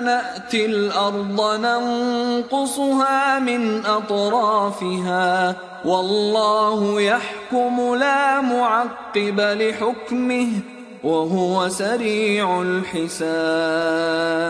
نأتي الأرض ننقصها من أطرافها والله يحكم لا معقب لحكمه وهو سريع الحساب